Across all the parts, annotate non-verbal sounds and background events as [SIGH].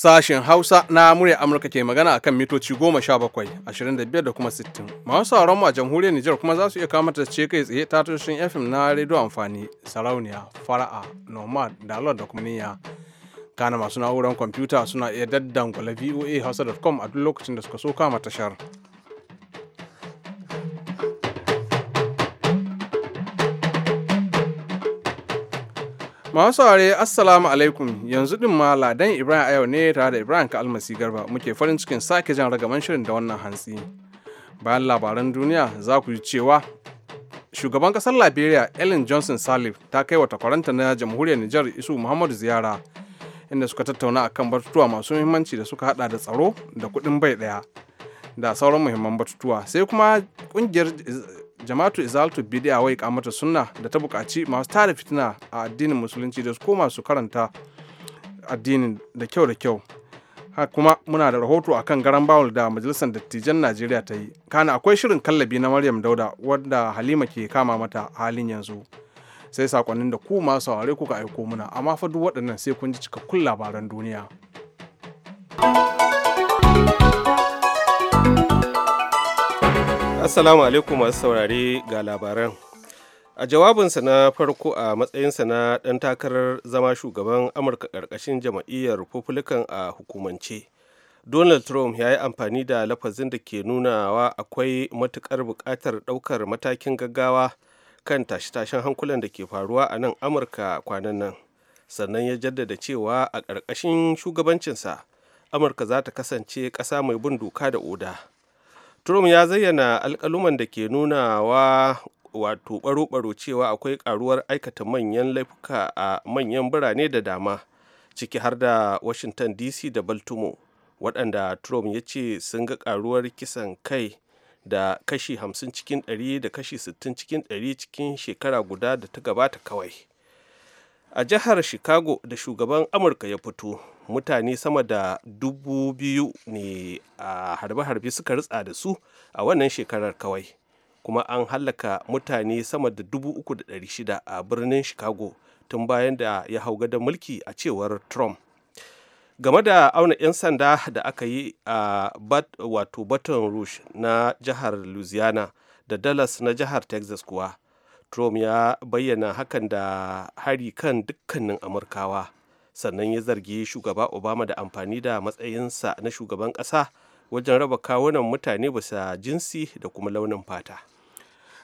Sashen Hausa na murya Amurka ke magana akan mitoci 17, 25 da kuma 60. Masu sauran mu a jamhuriyar Nijar kuma za su iya kama ta ce kai tsaye ta tushen FM na rediyo amfani, sarauniya, fara'a, nomad, dalot da kuma niyya. Kana masu na'urar kwamfuta suna iya daddankula voa hausa.com a duk lokacin da suka so kama tashar. Masu saurare Assalamu alaikum yanzu din ma Ladan Ibrahim a ne tare da Ibrahim ka almasi garba muke farin cikin sake jan ragaman shirin da wannan hantsi. Bayan labaran duniya za ku ji cewa shugaban kasar Liberia Ellen Johnson Salif ta kai wa takwaranta na jamhuriyar Nijar Isu Muhammadu ziyara inda suka tattauna akan batutuwa masu muhimmanci da suka hada da tsaro da kuɗin bai ɗaya da sauran muhimman batutuwa sai kuma kungiyar jama'atu izaltu bidiya wai kamata sunna da ta bukaci masu tara fitina a addinin musulunci da su koma su karanta addinin da kyau da kyau kuma muna da rahoto akan garan bawul da majalisar dattijan najeriya ta yi kana akwai shirin kallabi na maryam dauda wanda halima ke kama mata halin yanzu sai sakonnin da ku masu saurare kuka aiko muna amma fa duk waɗannan sai kun ji cikakkun labaran duniya. Assalamu alaikum masu saurare ga labaran. A jawabinsa na farko a matsayinsa na ɗan takarar zama shugaban Amurka ƙarƙashin jam'iyyar Republican a hukumance. Donald Trump ya yi amfani da lafazin da ke nunawa akwai matuƙar buƙatar ɗaukar matakin gaggawa kan tashe-tashen hankulan da ke faruwa a nan Amurka kwanan nan. Sannan ya jaddada cewa a ƙarƙashin shugabancinsa, Amurka za ta kasance ƙasa mai bin doka da oda. Trump ya zayyana alkaluman da ke nuna wa wato baro-baro cewa akwai karuwar aikata manyan laifuka a manyan birane da dama ciki har da Washington DC da Baltimore waɗanda Trump ya ce sun ga karuwar kisan kai da kashi 50 cikin 100 da kashi 60 cikin 100 cikin shekara guda da ta gabata kawai. a jihar chicago da shugaban amurka ya fito mutane sama da dubu biyu ne a harbe-harbe suka ritsa da su a wannan shekarar kawai kuma an hallaka mutane sama da dubu uku da ɗari shida a birnin chicago tun bayan da ya hau gadon mulki a cewar trump game da auna 'yan sanda da aka yi a wato baton rouge na jihar louisiana da dallas na jihar texas kuwa trump ya bayyana hakan da hari kan dukkanin amurkawa sannan ya zargi shugaba obama da amfani da matsayinsa na shugaban ƙasa wajen raba kawunan mutane bisa jinsi da kuma launin fata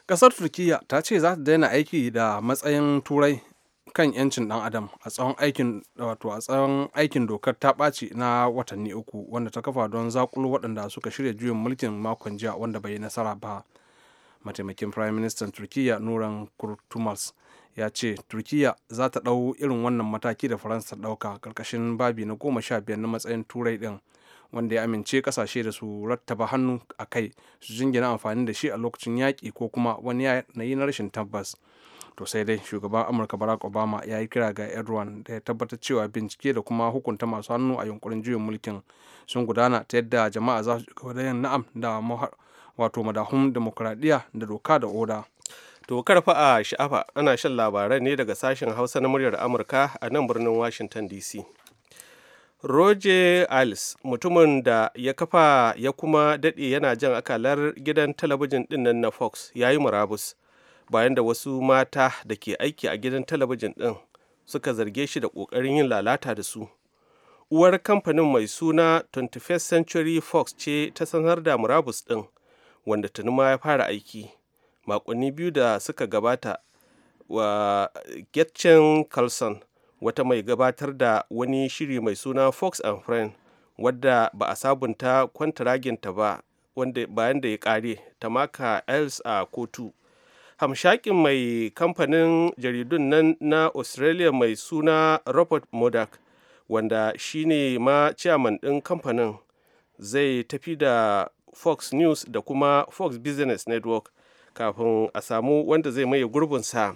ƙasar turkiyya ta ce za ta daina aiki da matsayin turai kan 'yancin ɗan adam a tsawon aikin wato a tsawon aikin dokar ta ɓaci na watanni uku wanda ta kafa don zakulo waɗanda suka shirya juyin mulkin makon jiya wanda bai yi nasara ba mataimakin prime minister turkiya nuran kurtumals ya ce turkiya za ta ɗau irin wannan mataki da faransa ɗauka ƙarƙashin babi na goma sha biyar na matsayin turai din wanda ya amince kasashe da su rattaba hannu a kai su jingina amfani da shi a lokacin yaƙi ko kuma wani yanayi na rashin tabbas to sai dai shugaban amurka barack obama ya yi kira ga edward da ya tabbatar cewa bincike da kuma hukunta masu hannu a yunkurin juyin mulkin sun gudana ta yadda jama'a za su da na'am da wato madahun demokradiyya da doka da oda to karfa a sha'afa ana shan labarai ne daga sashen hausa na muryar amurka a nan birnin washington dc roger alice mutumin da ya kafa ya kuma daɗe yana jan akalar gidan talabijin ɗinnan na fox ya yi murabus bayan da wasu mata da ke aiki a gidan talabijin ɗin suka zarge shi da ƙoƙarin yin lalata da su uwar kamfanin mai suna 21st century fox ce ta sanar da murabus ɗin wanda tuni ma ya fara aiki makonni biyu da suka gabata wa getchen carlson wata mai gabatar da wani shiri mai suna fox and friend wadda ba a sabunta kwantaraginta ba wanda bayan da ya kare ta maka els a kotu hamshakin mai kamfanin jaridun nan na australia mai suna robert modak wanda shine ma ciyaman ɗin kamfanin zai tafi da fox news da kuma fox business network kafin a samu wanda zai maye gurbinsa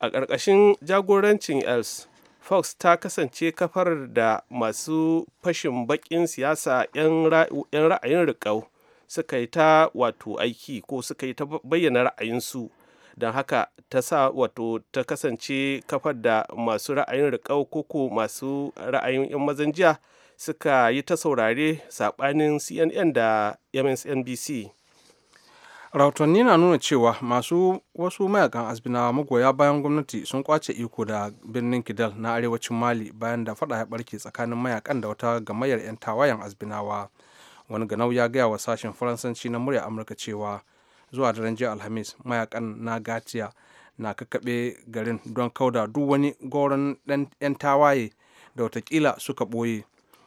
a ƙarƙashin jagorancin els fox ta kasance kafar da masu fashin baƙin siyasa 'yan ra'ayin riƙau suka yi ta wato aiki ko suka yi ta bayyana ra'ayinsu don haka ta sa wato ta kasance kafar da masu ra'ayin riƙau ko masu ra'ayin 'yan mazan jiya suka yi ta saurare saɓanin cnn da msnbc rahotanni na nuna cewa masu wasu mayakan asbinawa magoya bayan gwamnati sun kwace iko da birnin kidal na arewacin mali bayan da fada ya barke tsakanin mayakan da wata gamayyar 'yan tawayen asbinawa wani ganau ya gaya wa sashen faransanci na murya amurka cewa zuwa daren jiya alhamis mayakan na gatiya na kakkaɓe garin don kauda duk wani goron 'yan tawaye da watakila suka ɓoye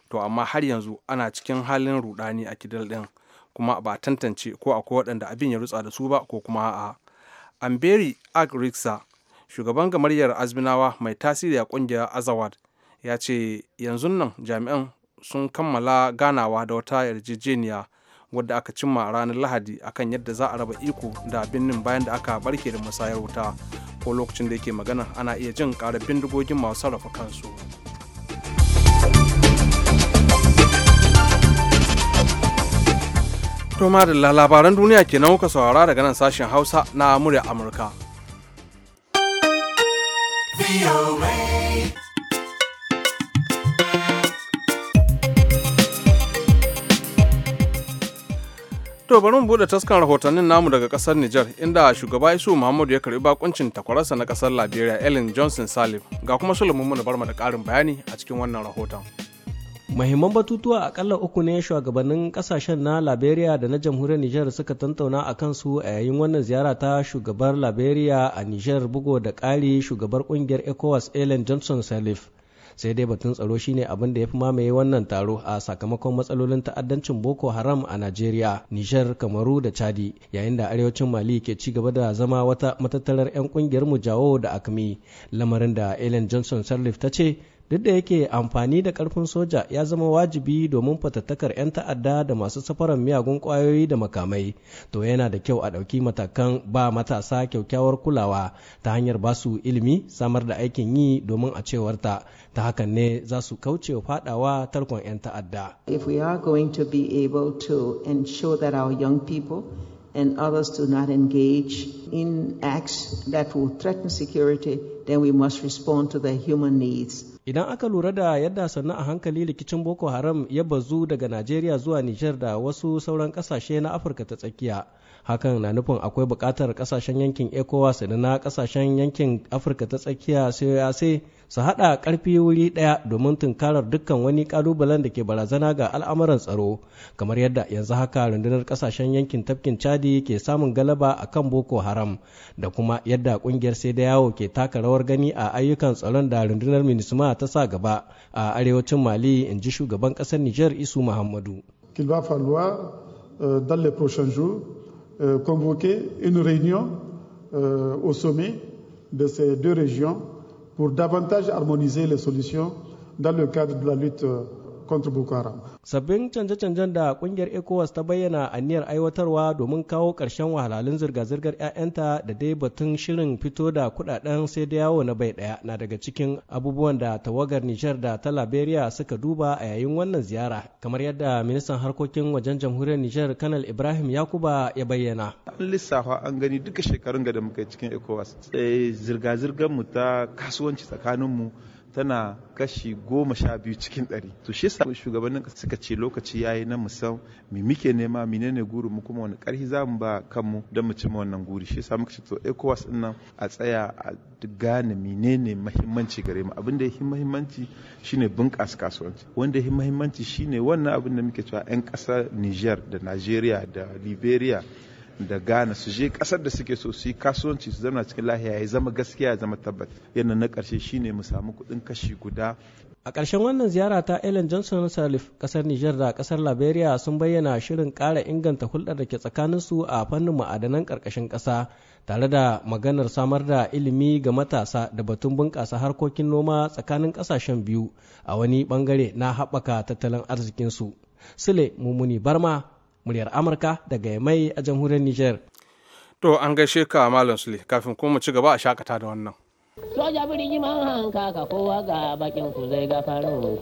to amma har yanzu ana cikin halin rudani a kidal din kuma ba tantance ko akwai waɗanda abin ya rutsa da su ba ko kuma a amberi agriksa shugaban gamaryar azminawa mai tasiri a kungiyar azawad ya ce yanzu nan jami'an sun kammala ganawa da wata yarjejeniya wadda aka cimma ranar lahadi akan yadda za a raba iko da birnin bayan da aka barke da musayar wuta ko lokacin da yake magana ana iya jin karar bindigogin masu sarrafa kansu. To ma da labaran duniya kenan kuka saurara daga nan sashen Hausa na murya Amurka. To bari mu bude taskan rahotannin namu daga kasar Nijar inda shugaba Isu Muhammadu ya karbi bakuncin takwararsa na kasar Liberia Ellen Johnson Salif ga kuma Sulaiman na bar da karin bayani a cikin wannan rahoton. Mahimman batutuwa akalla uku ne shugabannin kasashen na Liberia da na jamhuriyar Nijar suka tantauna a kansu a yayin wannan ziyara ta shugabar Liberia a Nijar bugo da ƙari shugabar ƙungiyar ECOWAS Ellen Johnson Sirleaf. sai dai batun tsaro shine abin da ya fi mamaye wannan taro a sakamakon matsalolin ta'addancin boko haram a najeriya nijar kamaru da chadi yayin da arewacin mali ke ci gaba da zama wata matattarar 'yan kungiyar jawo da akmi lamarin da ellen johnson sirleaf ta ce duk da yake amfani da karfin soja ya zama wajibi domin fatattakar 'yan ta'adda da masu safarar miyagun kwayoyi da makamai to yana da kyau a ɗauki matakan ba matasa kyakkyawar kulawa ta hanyar basu ilimi samar da aikin yi domin a cewarta ta hakan ne za su kauce fadawa tarkon 'yan ta'adda if we are going to be able to ensure that our young people and others to not engage in acts that will threaten security, then we must respond to their human needs. Idan aka lura da yadda sannu a hankali rikicin Boko Haram ya bazu daga Najeriya zuwa Nijar da wasu sauran ƙasashe na Afirka ta tsakiya, hakan na nufin akwai buƙatar ƙasashen yankin ecowas da na ƙasashen yankin afirka ta tsakiya sai su haɗa ƙarfi wuri ɗaya domin tunkarar dukkan wani ƙalubalen da ke barazana ga al'amuran tsaro kamar yadda yanzu haka rundunar ƙasashen yankin tafkin chadi ke samun galaba a kan boko haram da kuma yadda ƙungiyar sai da yawo ke taka rawar gani a ayyukan tsaron da rundunar minisma ta sa gaba a arewacin mali in ji shugaban ƙasar niger isu muhammadu euh, Euh, convoquer une réunion euh, au sommet de ces deux régions pour davantage harmoniser les solutions dans le cadre de la lutte euh, kontra Boko Haram. Sabbin canje-canjen da kungiyar ECOWAS ta bayyana a niyyar aiwatarwa domin kawo karshen wahalhalun zirga-zirgar 'ya'yanta da dai batun shirin fito da kuɗaɗen sai da yawo na bai ɗaya na daga cikin abubuwan da tawagar Nijar da ta Liberia suka duba a yayin wannan ziyara kamar yadda ministan harkokin wajen jamhuriyar Nijar Kanal Ibrahim Yakuba ya bayyana. An lissafa an gani duka shekarun da muka cikin ECOWAS. Zirga-zirgar mu ta kasuwanci tsakaninmu tana kashi goma sha biyu cikin ɗari to shi sa shugabannin suka ce lokaci yayi na musam mi muke nema ne guri mu kuma wani ƙarfi za mu ba kanmu don mu cimma wannan guri shi samu muka ce to ECOWAS din nan a tsaya a gane mine ne mahimmanci gare mu abin da yake mahimmanci shine bunƙasa kasuwanci wanda yake mahimmanci shine wannan abin da muke cewa 'yan ƙasar Niger da Nigeria da Liberia da Ghana su je kasar da suke so su yi kasuwanci su zama cikin lahiya ya zama gaskiya ya zama tabbat yana na karshe shine mu samu kudin kashi guda a ƙarshen wannan ziyara ta Ellen Johnson Salif ƙasar Nijar da kasar Liberia sun bayyana shirin ƙara inganta hulɗar da ke tsakanin su a fannin ma'adanan ƙarƙashin ƙasa tare da maganar samar da ilimi ga matasa da batun bunƙasa harkokin noma tsakanin ƙasashen biyu a wani ɓangare na haɓaka tattalin arzikinsu. Sule Mumuni Barma muryar amurka daga mai a jamhuriyar niger to an gaishe ka malam sule kafin kuma mu ci gaba a shakata da wannan soja birni man hanka ka kowa ga bakin ku zai ga farin ku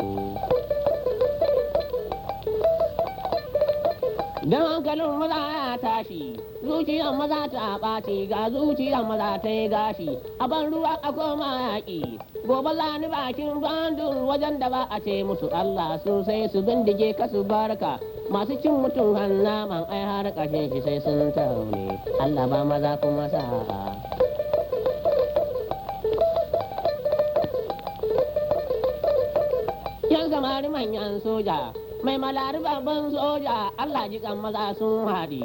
dan hankalin maza ya tashi, zuciyar maza ta ɓaci ga zuciyar maza ta yi gashi, a ban ruwa a koma yaƙi. Gobe za ni bakin bandun wajen da ba a ce musu Allah sosai su bindige ka su barka. masu cin mutum hanna man ai har ƙashin shi sai sun taune Allah ba maza kuma sa. yan samari manyan soja mai malari babban soja Allah jikan maza sun haɗi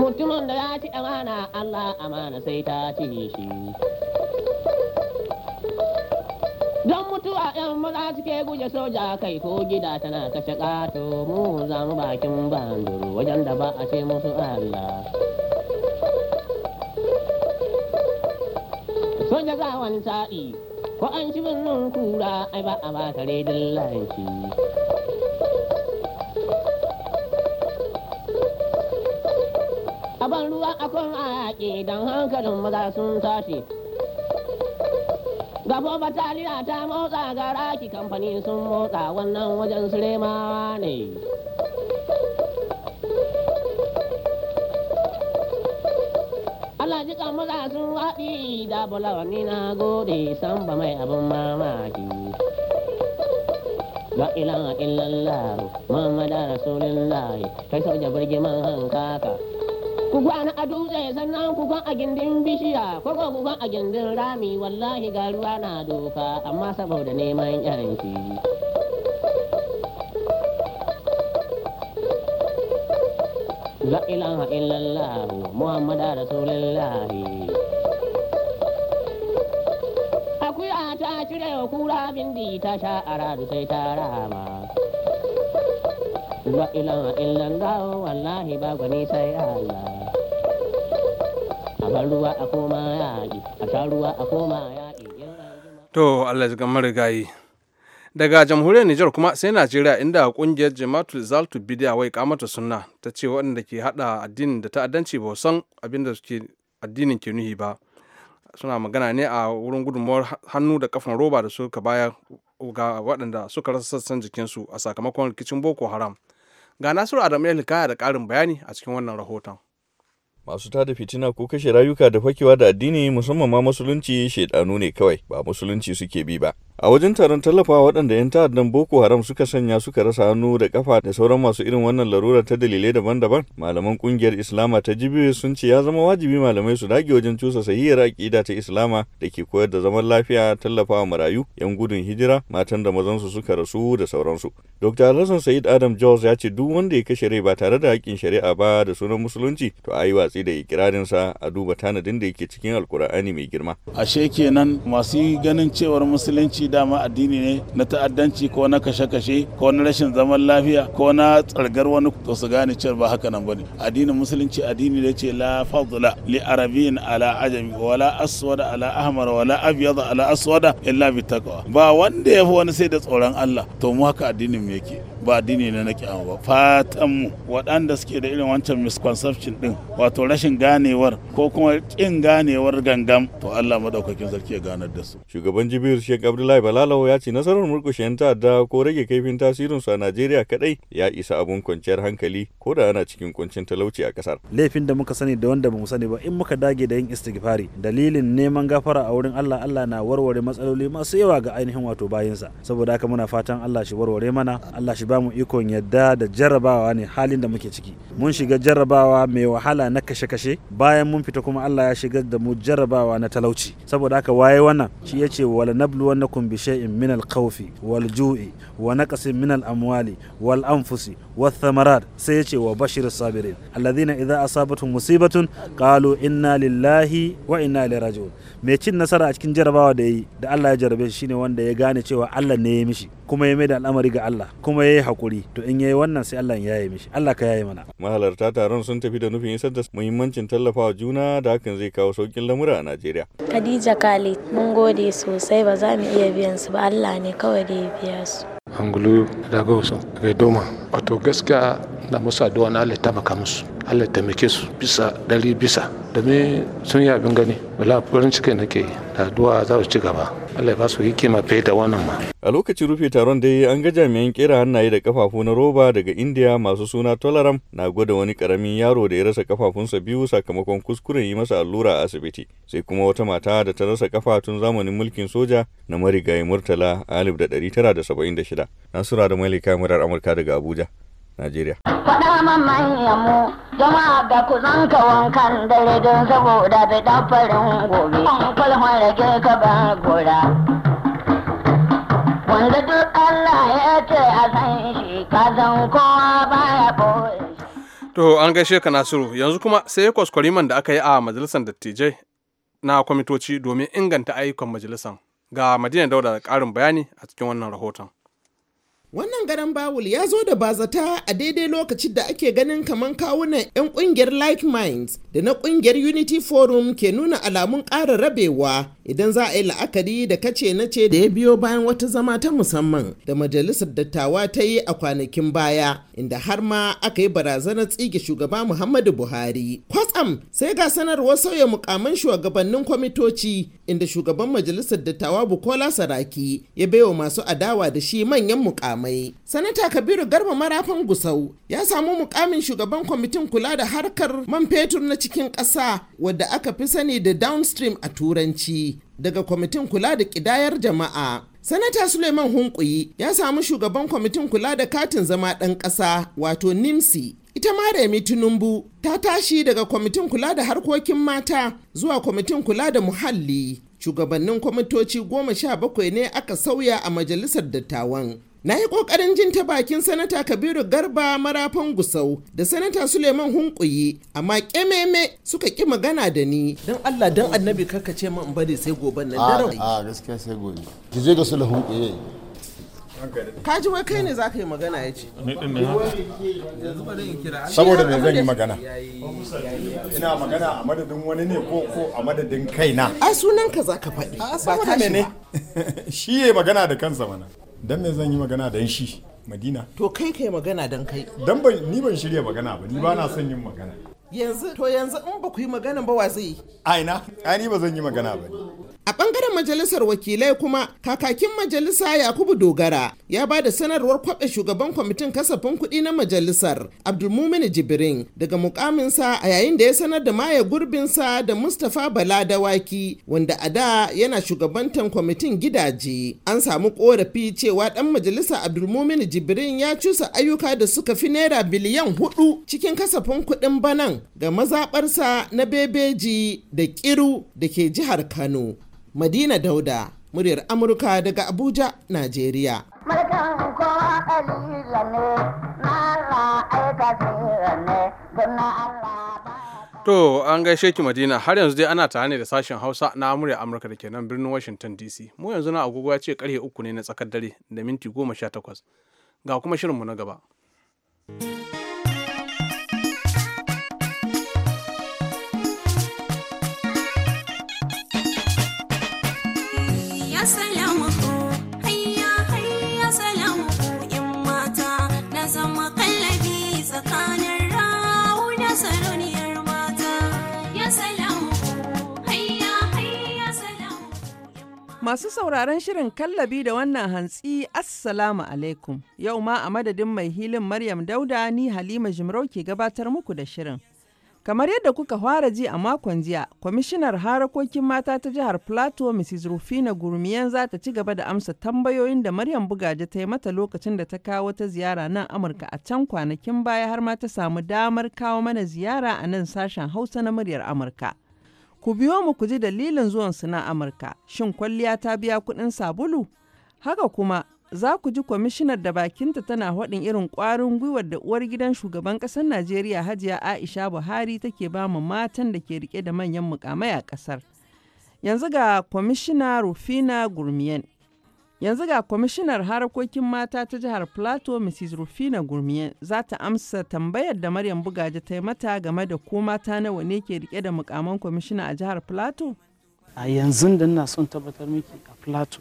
mutumin da ya ci amana Allah amana sai ta ci shi don mutuwa yan maza suke guje soja kai ko gida tana kashe ƙato mu za mu bakin banduru wajen da ba a ce musu Allah. Soja za wani sa'i ko an ci birnin kura ai ba a ba kare dillanci. A ban ruwa akwai a yaƙi don hankalin maza sun tashi Gabo bataliya ta motsa ga raki kamfani sun motsa wannan wajen suremawa ne. Allah jikan maza sun waɗi da bulawa ni na gode san ba mai abin mamaki. La ilaha illallah Muhammadu Rasulullahi kai sauja birgiman hankaka ni a dutse sannan ku a gindin bishiya ko ku a gindin rami wallahi ga ruwa na doka amma saboda neman yanki. La ilaha illallah Muhammadu Rasulullahi. Akuya ta cire wa kura bindi ta sha aradu sai ta rama. La ilaha illallah wallahi ba gani sai Allah. to Allah ya daga jamhuriyar Nijar kuma sai Najeriya inda kungiyar Jama'atul Zaltu Bidiya wai kamata sunna ta ce waɗanda ke hada addinin da ta'addanci ba san abin da suke addinin ke nuhi ba suna magana ne a wurin gudunmawar hannu da kafan roba da suka baya ga waɗanda suka rasa sassan jikin su a sakamakon rikicin Boko Haram ga Nasiru Adamu ya da ƙarin bayani a cikin wannan rahoton masu tada fitina ko kashe rayuka da fakewa da addini musamman ma musulunci shaidanu ne kawai ba musulunci suke bi ba a wajen taron tallafawa waɗanda 'yan ta'addan boko haram suka sanya suka rasa hannu da kafa da sauran masu irin wannan larura ta dalilai daban-daban malaman kungiyar islama ta jibiyu sun ce ya zama wajibi malamai su dage wajen cusa sahihiyar aƙida ta islama da ke koyar da zaman lafiya tallafawa marayu 'yan gudun hijira matan da mazansu suka rasu da sauransu dr alhassan sa'id adam jos ya ce duk wanda ya kashe rai ba tare da haƙƙin shari'a ba da sunan musulunci to a yi watsi da sa a duba tanadin da yake cikin alkur'ani mai girma ashe kenan masu ganin cewar musulunci dama addini ne na ta'addanci ko na kashe-kashe ko na rashin zaman lafiya ko na tsargar wani to su gane cewa ba haka nan bane addinin musulunci addini ne ce la fadla li arabiyyin ala ajami wala aswada ala ahmar wala abyad ala aswada illa bi taqwa ba wanda ya fi wani sai da tsoron Allah to mu haka addinin mu yake ba addini ne na kiyama ba fatan mu waɗanda suke da irin wancan misconception din wato rashin ganewar ko kuma kin ganewar gangam to Allah madaukakin sarki ya ganar da su shugaban jibir Sheikh Abdullahi Balalawo ya ce nasarar murkushe yan ta'adda ko rage kaifin tasirin su a Najeriya kadai ya isa abun kwanciyar hankali ko da ana cikin kuncin talauci a kasar laifin da muka sani da wanda bamu sani ba in muka dage da yin istighfari dalilin neman gafara a wurin Allah Allah na warware matsaloli masu yawa ga ainihin wato bayinsa saboda haka muna fatan Allah shi warware mana Allah shi ba mu ikon yadda da jarrabawa ne halin da muke ciki mun shiga jarrabawa mai wahala na kashe-kashe bayan mun fita kuma Allah ya shigar da mu jarrabawa na talauci saboda haka waye wannan shi yace wala nabluwannakum kumbi shay'in min al-khawfi wal ju'i wa naqsin min al-amwali wal anfusi wath thamarat sai ce wa bashir sabirin alladhina idza asabatuhum musibatun qalu inna lillahi wa inna ilaihi raji'un mai cin nasara a cikin jarrabawa da yi da Allah ya jarrabe shi shine wanda ya gane cewa Allah ne ya mishi kuma ya maida al'amari ga Allah kuma ya yi hakuri to in ya yi wannan sai Allah ya yi mishi Allah ka yaye mana mahalarta taron sun tafi da nufin isar da muhimmancin tallafawa juna da hakan zai kawo saukin lamura a Najeriya Khadija Khalid mun gode sosai ba za mu iya biyan su ba Allah ne kawai da ya biya su angulu da gausa ga doma wato gaskiya da musu addu'a na Allah baka musu Allah su bisa dari bisa domin sun yi abin gani wala farin nake yi addu'a za su ci gaba Allah ya ba su hikima fai da wannan ma a lokacin rufe taron dai an ga jami'an kera hannaye da kafafu na roba daga India masu suna Tolaram na gwada wani karamin yaro da ya rasa kafafunsa biyu sakamakon kuskuren yi masa allura a asibiti sai kuma wata mata da ta rasa kafa tun zamanin mulkin soja na marigayi Murtala 1976 Nasura da Malika murar Amurka daga Abuja Najeriya. Faɗa man manyanmu jama'a da ku zanka wankan dare don saboda bai ɗan gobe gobe. Kwalhon rage ka ban gora. Wanda duk Allah ya ce a san shi ka san kowa baya To an gaishe ka Nasiru yanzu kuma sai kwaskwariman da aka yi a majalisar dattijai na kwamitoci domin inganta ayyukan majalisar. Ga Madina Dauda da ƙarin bayani a cikin wannan rahoton. Wannan garan Bawul ya zo da bazata a daidai lokacin da ake ganin kaman kawunan 'yan kungiyar Like Minds da na kungiyar Unity Forum ke nuna alamun ƙara rabewa idan za a yi la'akari da kace na ce da ya biyo bayan wata zama ta musamman da majalisar dattawa ta yi a kwanakin baya inda har ma aka yi barazanar tsige shugaba Muhammadu Buhari. Kwatsam sai ga sanarwar sauya mukaman shugabannin kwamitoci inda shugaban majalisar dattawa Bukola Saraki ya baiwa masu adawa da shi manyan mukamai. makamai. Sanata Kabiru Garba Marafan Gusau ya samu mukamin shugaban kwamitin kula da harkar man fetur na cikin ƙasa wadda aka fi sani da downstream a turanci daga kwamitin kula da ƙidayar jama'a. Sanata Suleiman Hunkuyi ya samu shugaban kwamitin kula da katin zama ɗan ƙasa wato NIMSI. Ita ma Remi Tinubu ta tashi daga kwamitin kula da harkokin mata zuwa kwamitin kula da muhalli. Shugabannin kwamitoci goma sha bakwai ne aka sauya a majalisar dattawan. Na yi ƙoƙarin jin ta bakin Sanata Kabiru Garba marafan Gusau da Sanata Suleiman Hunkuyi, amma ƙememe suka ƙi magana da ni. Don Allah don annabi karka ce min bari sai gobe nan daren. A gaskiya sai gobe. Ki je ga Sule Hunkuyi. Ka ji wai kai ne za ka yi magana ya ce. Saboda me zan yi magana. Ina magana a madadin wani ne ko ko a madadin kaina. A sunan ka za ka faɗi. Ba ka shi ba. [LAUGHS] Shi ya magana da kansa mana. dan me zan yi magana dan shi madina to kai kai magana dan kai dan ban ni ban shirya magana ba ni ba na son yin magana yanzu to yanzu in ba ku yi magana ba wa zai yi aina ai ni ba zan yi magana ba A bangaren majalisar wakilai kuma kakakin majalisa Yakubu Dogara ya ba da sanarwar kwaɓe shugaban kwamitin kasafin kuɗi na majalisar Abdulmumin Jibrin daga mukaminsa a yayin da ya sanar da maye gurbinsa da Mustapha Bala Dawaki wanda a da yana shugabantan kwamitin gidaje. An samu korafi cewa ɗan majalisa Abdulmumin Jibrin ya cusa ayyuka da suka fi naira biliyan hudu cikin kasafin kuɗin banan ga mazaɓarsa na bebeji da kiru da ke jihar Kano. Madina Dauda, muryar Amurka daga Abuja, Najeriya. To an gaishe ki Madina har yanzu dai ana tare da sashen Hausa na Amurya Amurka da ke nan birnin Washington DC. Mu yanzu na agogo ya ce karfe uku ne na tsakar dare da minti goma sha takwas. Ga kuma shirinmu na gaba. Masu sauraron shirin kallabi da wannan hantsi Assalamu alaikum. Yau ma a madadin mai hilin Maryam Dauda ni Halima Jimarau ke gabatar muku da shirin. Kamar yadda kuka fara ji a makon jiya, kwamishinar harakokin mata ta jihar Plateau Mrs. Rufina Gurmiyan za ta ci gaba da amsa tambayoyin da Maryam Bugaje ta yi mata lokacin da ta kawo ta ziyara nan Amurka a can kwanakin baya har ma ta samu damar kawo mana ziyara a nan sashen Hausa na muryar Amurka. Ku biyo mu ku ji dalilin zuwan su na Amurka, shin kwalliya ta biya kuɗin sabulu? Haka kuma, za ku ji kwamishinar da bakinta tana haɗin irin ƙwarin gwiwar da uwar gidan shugaban ƙasar Najeriya Hajiya Aisha Buhari take ba mu matan da ke rike da manyan mukamai a ƙasar. Yanzu ga kwamishina Rufina Gurmiyan Yanzu ga kwamishinar harkokin mata ta jihar Plateau Mrs. Rufina Gurmiye za ta amsa tambayar da Maryam Bugaji ta yi mata game da ko mata nawa ne ke rike da mukaman kwamishina a jihar Plateau. A yanzu da ina son tabbatar miki a Plateau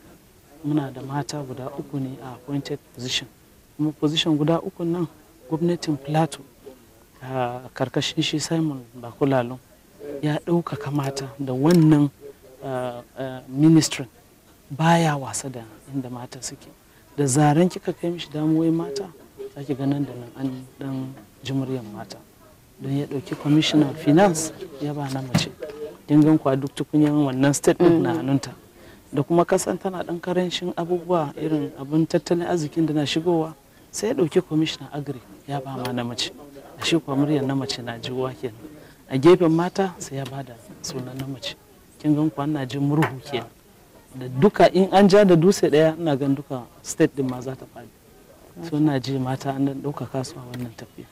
muna da mata guda uku ne a appointed position. Kuma position guda uku nan gwamnatin Plateau a karkashin shi Simon Bakulalo ya ɗaukaka mata da wannan uh, uh, ministry. baya wasa da inda mata suke da zaren kika kai mishi wai mata za ki ganin da nan an dan jimuriyar mata don ya ɗauki commissioner finance ya ba na mace dingan kwa duk tukunyan wannan state din na hannunta da kuma kasan tana dan karancin abubuwa irin abun tattalin arzikin da na shigowa sai ya ɗauki commissioner agri ya ba ma na mace a shi kwa muryar na mace na jiwa kenan a gefen mata sai ya bada sunan na mace kin gan kwa na jin murhu kenan duka in an ja da dutse daya ina gan duka state din ma za ta fadi so ina ji mata an dan dauka kasuwa wannan tafiya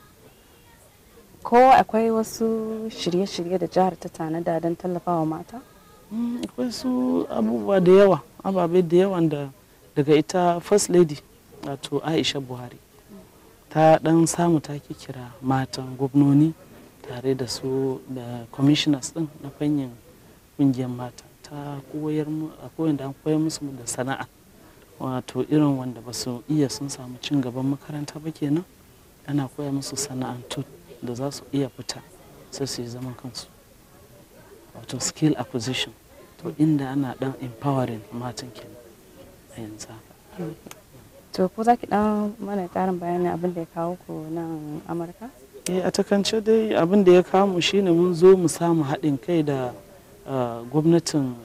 ko akwai wasu shirye-shirye da jihar ta tanada don tallafawa mata mm, akwai su abubuwa da yawa ababe da yawan da daga ita first lady wato aisha buhari ta dan samu ta kira matan gwamnoni tare da su da commissioners din na fanyin kungiyar mata ta koyar mu an koyar musu da sana'a wato irin wanda ba su iya sun samu cin gaban makaranta ba kenan ana koya musu sana'antu da za su iya fita sai su yi zaman kansu wato skill acquisition to inda ana dan empowering matan kenan a yanzu to ko za ki dan mana tarin bayanin abin da ya kawo ku nan amurka eh a takance dai abin da ya kawo mu shine mun zo mu samu haɗin kai da gwamnatin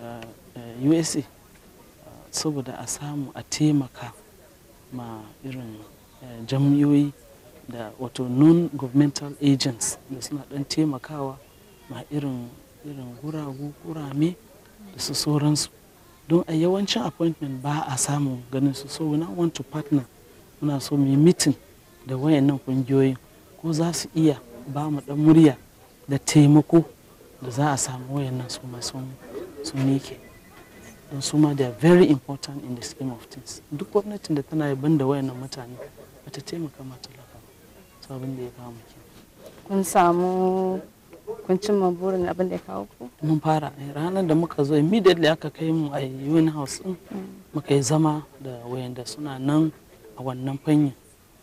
usa saboda a samu a taimaka ma irin jam'iyoyi da wato non-governmental agents da suna dan taimakawa ma irin guragu gurame da su sauransu don a yawancin appointment ba a samun ganin su so na want to partner muna so mu yi meeting da wayannan kungiyoyin ko za su iya ba mu dan murya da taimako da za a samu wayannan su ma sun ke. don su ma they are very important in the scheme of things duk gwamnatin da tana yaban da wayannan mutane bata taimaka ma talaka ba da ya kawo kun samu kun cimma burin abin da ya kawo ku mun fara ranar da muka zo immediately aka kai mu a UN house din mm. muka yi zama da wayanda suna nan a wannan fanyin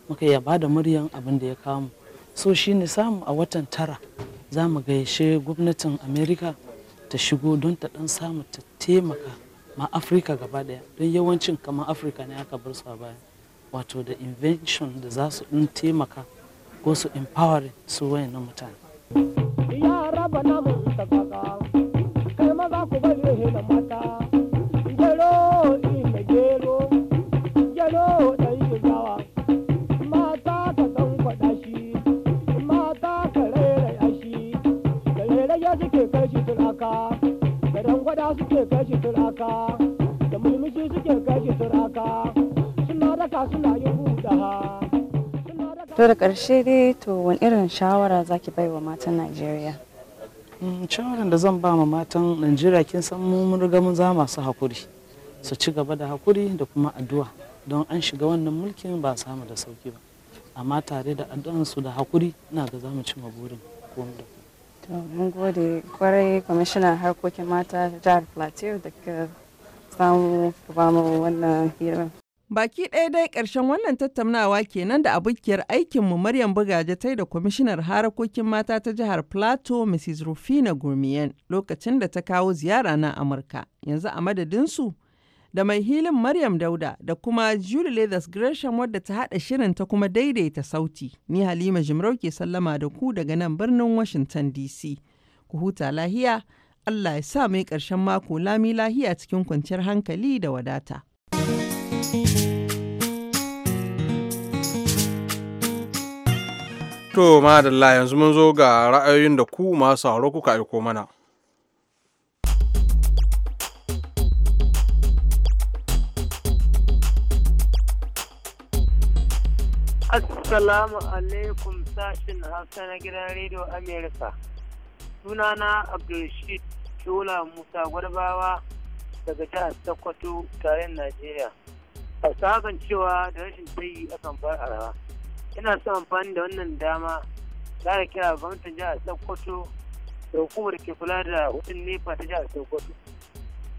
muka yaba da muryan abin da ya kawo mu so shine samu a watan tara za mu gaishe gwamnatin Amerika ta shigo don ta dan samu ta taimaka ma afirka gaba daya don yawancin kamar afirka ne aka bar su a baya wato da invention da za su taimaka ko su empowering su wayannan mutane. Karshe dai to wani irin shawara zaki bai wa matan najeriya mm, shawaran da zan ba ma matan najeriya kin san mun riga mun za masu hakuri su ci gaba da hakuri da kuma addu'a don an shiga wannan mulkin ba samu da sauki ba amma tare da addu'an su da hakuri ina ga zamu ci burin ko da to mun gode kwarai kwamishinan harkokin mata jihar plateau da ka samu ba mu wannan hirar Baki ɗaya dai ƙarshen wannan tattaunawa kenan da abokiyar aikinmu Maryam Bugaje ta da kwamishinar harakokin mata ta jihar Plateau Mrs. Rufina gurmiyan lokacin da ta kawo ziyara na Amurka. Yanzu a madadinsu da mai hilin Maryam Dauda da kuma Julie Leathers Gresham wadda ta haɗa shirin ta kuma daidaita sauti. Ni Halima Jimrau ke sallama da ku daga nan birnin Washington DC. Ku huta lahiya, Allah ya sa mai ƙarshen mako lami lahiya cikin kwanciyar hankali da wadata. thank you To madalla yanzu mun zo ga ra'ayoyin da ku masu sauro kuka aiko mana. Assalamu alaikum sashin Hausa na gidan Radio Amerika. Sunana Abdulrashid Shola Musa Gwarbawa daga jihar Sokoto, tare Najeriya. a cewa da rashin a akan fara arawa. ina son amfani da wannan dama za a kira gwamnatin jihar sokoto da hukumar ke kula da wutan nefa ta jihar sokoto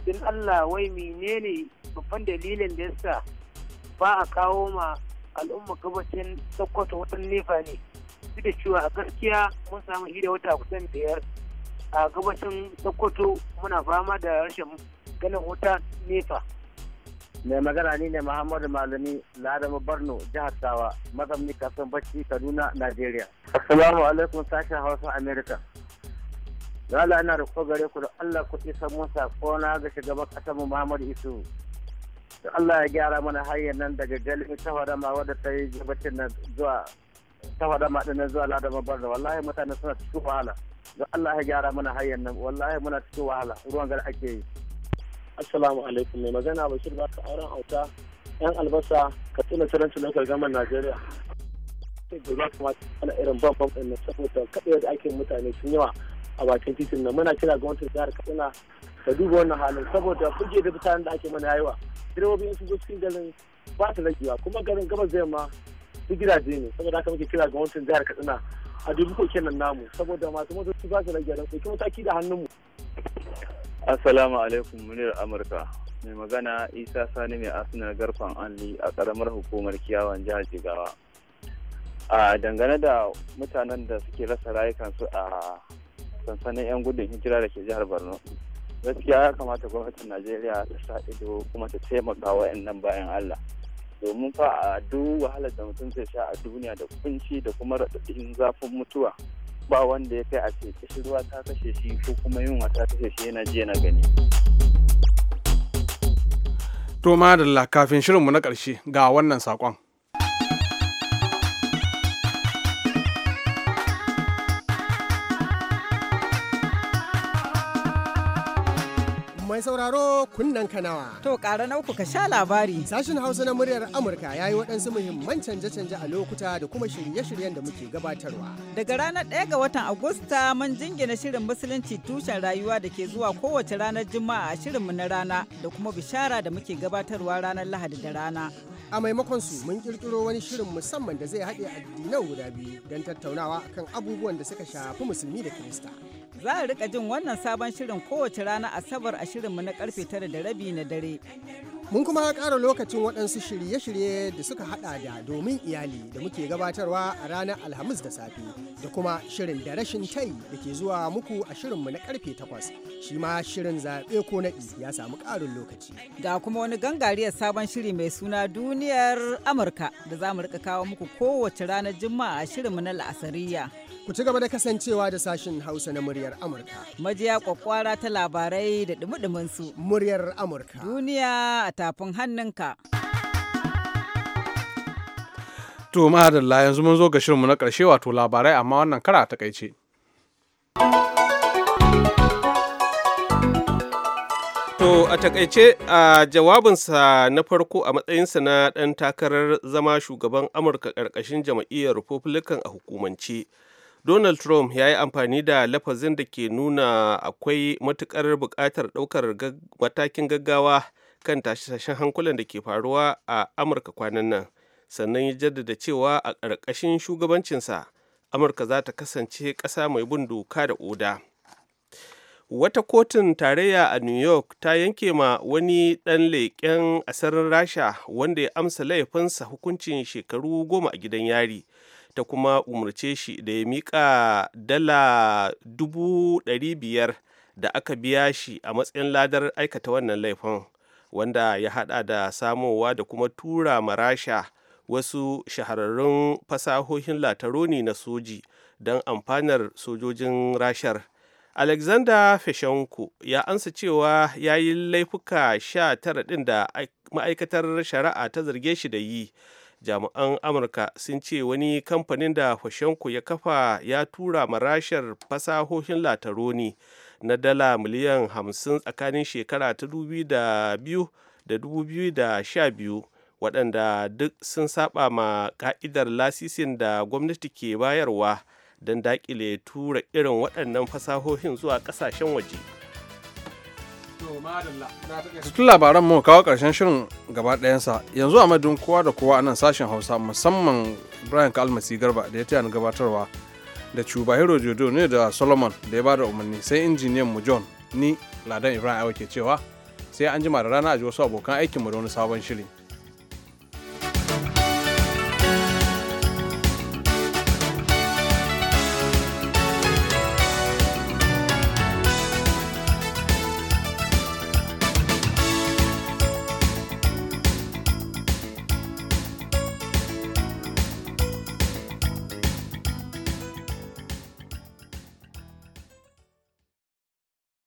don allah wai menene babban dalilin da yasa ba a kawo ma al'umma gabacin sokoto wutan nefa ne duk da cewa a gaskiya mun samu hira wata kusan biyar a gabashin sokoto muna fama da rashin ganin wuta nefa mai magana ni ne muhammadu malami ladamu borno jihar Sawa mazamni kasan bacci kaduna nigeria assalamu alaikum sashen hausa america Lala ana da gare ku da Allah ku isa mun sakona ga shugaban ƙasar mu Muhammadu Isu. Da Allah ya gyara mana hanyar nan daga galmi ta ma wadda ta yi gabacin nan zuwa ta ma da na zuwa ladamu borno wallahi mutane suna cikin wahala. Da Allah ya gyara mana hanyar nan wallahi muna cikin wahala ruwan gar ake yi. Assalamu alaikum mai magana Bashir baka auren auta yan albasa ka tuna saranci na gargaman Najeriya. Da za kuma ana irin ban ban ɗin saboda kaɗai da ake mutane sun yawa a bakin titin nan muna kira gwamnatin jihar Katsina ta duba wannan halin saboda kuje da mutanen da ake mana yayiwa. Direbobi sun zo cikin garin ba ta ragewa kuma garin gaba zai ma duk gidaje ne saboda haka muke kira gwamnatin jihar Katsina a dubi koke nan namu saboda masu motoci ba su ragewa don ɗauki mataki da hannunmu. Assalamu alaikum munir Amurka. Mai magana Isa Sani mai Arsenal garfan Anli a karamar hukumar kiyawan jihar Jigawa. A dangane da mutanen da suke rasa rayukansu a sansanin 'yan gudun hijira da ke jihar Borno. Gaskiya ya kamata gwamnatin Najeriya ta sa ido kuma ta taimaka wa nan bayan Allah. Domin fa a duk wahalar da mutum zai sha a duniya da kunci da kuma raɗaɗin zafin mutuwa ba wanda ya kai a ce ruwa ta kashe shi ko kuma yunwa ta kashe shi yana ji na gani to da kafin shirinmu na ƙarshe ga wannan saƙon Mai sauraro kunnen kanawa. To ƙara na uku ka sha labari. Sashen Hausa na muryar Amurka ya yi waɗansu muhimman canje-canje a lokuta da kuma shirye-shiryen da muke gabatarwa. Daga ranar ɗaya ga watan Agusta mun jingina shirin Musulunci tushen rayuwa da ke zuwa kowace ranar Juma'a a shirinmu na rana da kuma bishara da muke gabatarwa ranar Lahadi da rana. a maimakon su mun kirkiro wani shirin musamman da zai haɗe addinai guda biyu don tattaunawa kan abubuwan da suka shafi musulmi da kirista Za a rika jin wannan sabon shirin kowace rana Asabar a shirinmu na karfe tara da rabi na dare. Mun kuma kara lokacin waɗansu shirye-shirye da suka haɗa da domin iyali da muke gabatarwa a ranar Alhamis da safe da kuma shirin da rashin tai da ke zuwa muku a shirinmu na karfe takwas. Shi ma shirin zaɓe ko naɗi ya samu ƙarin lokaci. Ga kuma wani gangariyar sabon shiri mai suna duniyar Amurka da za mu rika kawo muku kowace ranar Juma'a a shirinmu na La'asariya. Ku ci gaba da kasancewa da sashin Hausa na muryar Amurka. Majiya kwakwara ta labarai da dumudumin su. Muryar Amurka. Duniya a tafin hannunka. To madalla yanzu mun zo ga shirinmu na ƙarshe wato labarai amma wannan kara ta kaice. To a takaice a jawabinsa na farko a matsayinsa na ɗan takarar zama shugaban Amurka ƙarƙashin jam'iyyar Republican a hukumance. donald trump ya yi amfani da lafazin da ke nuna akwai matukar buƙatar ɗaukar matakin gaggawa kan tashe-tashen hankulan da ke faruwa a amurka kwanan nan sannan ya jaddada cewa a ƙarƙashin shugabancinsa amurka za ta kasance ƙasa mai bin doka da oda wata kotun tarayya a new york ta yanke ma wani ɗan leƙen asirin rasha wanda ya amsa laifinsa hukuncin shekaru goma a gidan yari ta kuma umarce shi da ya miƙa dala dubu ɗari biyar da aka biya shi a matsayin ladar aikata wannan laifin wanda ya hada da samowa da kuma tura marasha wasu shahararrun fasahohin lataroni na soji don amfanar sojojin rashar alexander feshenko ya ansa cewa ya yi laifuka sha tara ɗin da ma'aikatar shari'a ta zarge shi da yi jami'an amurka sun ce wani kamfanin da fashenku ya kafa ya tura marashar fasahohin lataroni na dala miliyan 50 tsakanin shekara ta 2002 2012 waɗanda duk sun saba ma ka'idar lasisin da gwamnati ke bayarwa don daƙile tura irin waɗannan fasahohin zuwa ƙasashen waje. Tutun labaran mu kawo karshen shirin gaba ɗayansa yanzu a madun kowa da kowa a nan sashen Hausa musamman Ibrahim Kalmasi Garba da ya taya ni gabatarwa da Cuba Hero Jodo ne da Solomon da ya bada umarni sai injiniyan mu John ni Ladan Ibrahim Awa ke cewa sai an jima da rana a ji wasu abokan aikin mu da wani sabon shiri.